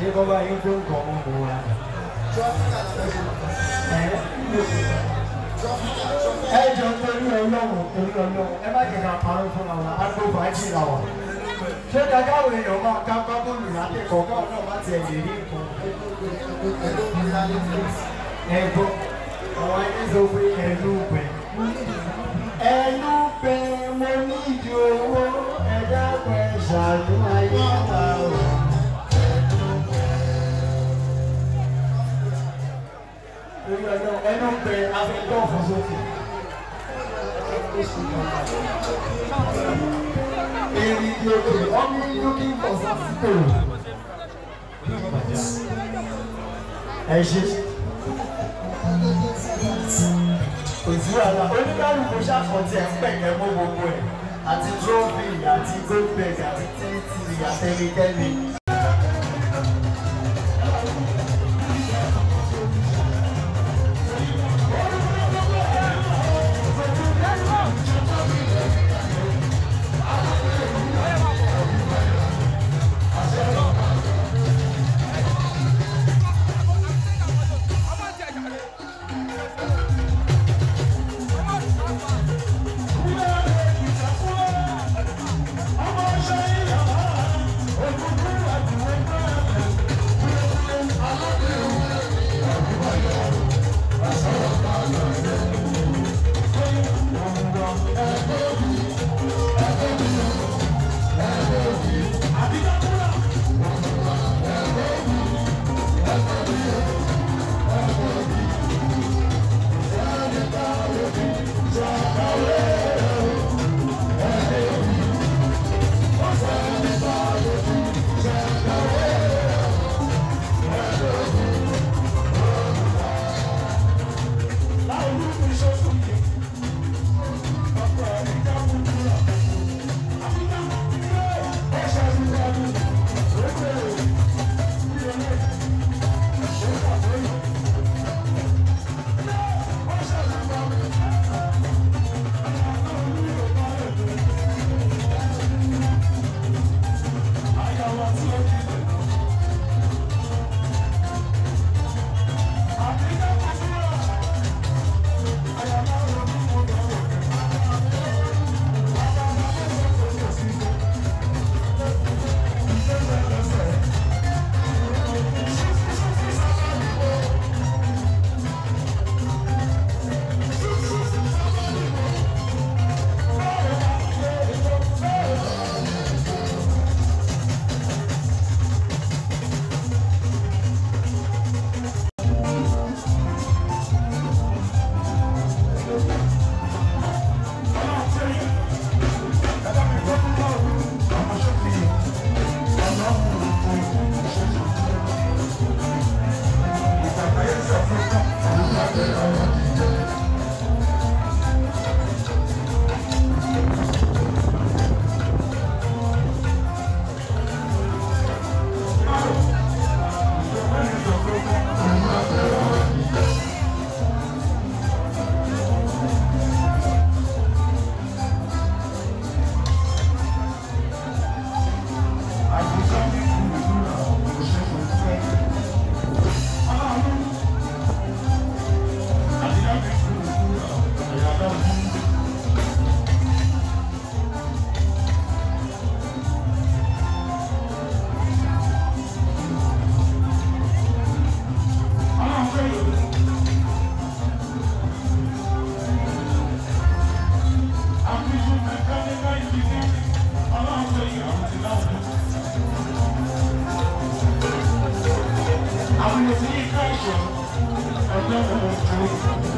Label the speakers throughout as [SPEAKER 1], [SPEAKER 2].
[SPEAKER 1] 结果把英雄搞糊了。ẹ jọ torí Ọlọ́run torí Ọlọ́run ẹ má jẹ́ ká parọ́ fún wa agbófà jì là wà ṣé kàkàwé èèyàn máa ká bá bọ́ọ̀lù láti kọ̀ọ̀kan náà má tiẹ̀ lè rí nǹkan. ẹ gbọ́ àwọn ẹni sọ pé ẹnu bẹ ẹnu bẹ mo ní ìdí owó ẹ̀dá pẹ̀ ṣàdúrà yíyá o. ẹnu pé afẹ́tọ́ fọ́sọ́tì. Èrì di òkè ọmọ lókè fọ́sọ́tì pé ẹ ṣe. Òtí àlà oníkálukú ṣàkọsí ẹ̀ ń pẹ̀kẹ́ mọ́ gbogbo ẹ̀ àti trọ́fì àti gómìnà àti tẹ́tìrì àtẹnikẹ́ni. Thank you.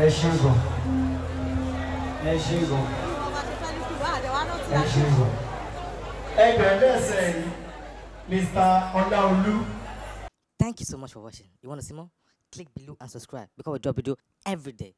[SPEAKER 1] ẹ ṣé gan ẹ ṣé gan ẹ ṣé Mr. Ọláolú. Thank you so much for watching. You want to see more? Click below and subscribe because we drop video every day.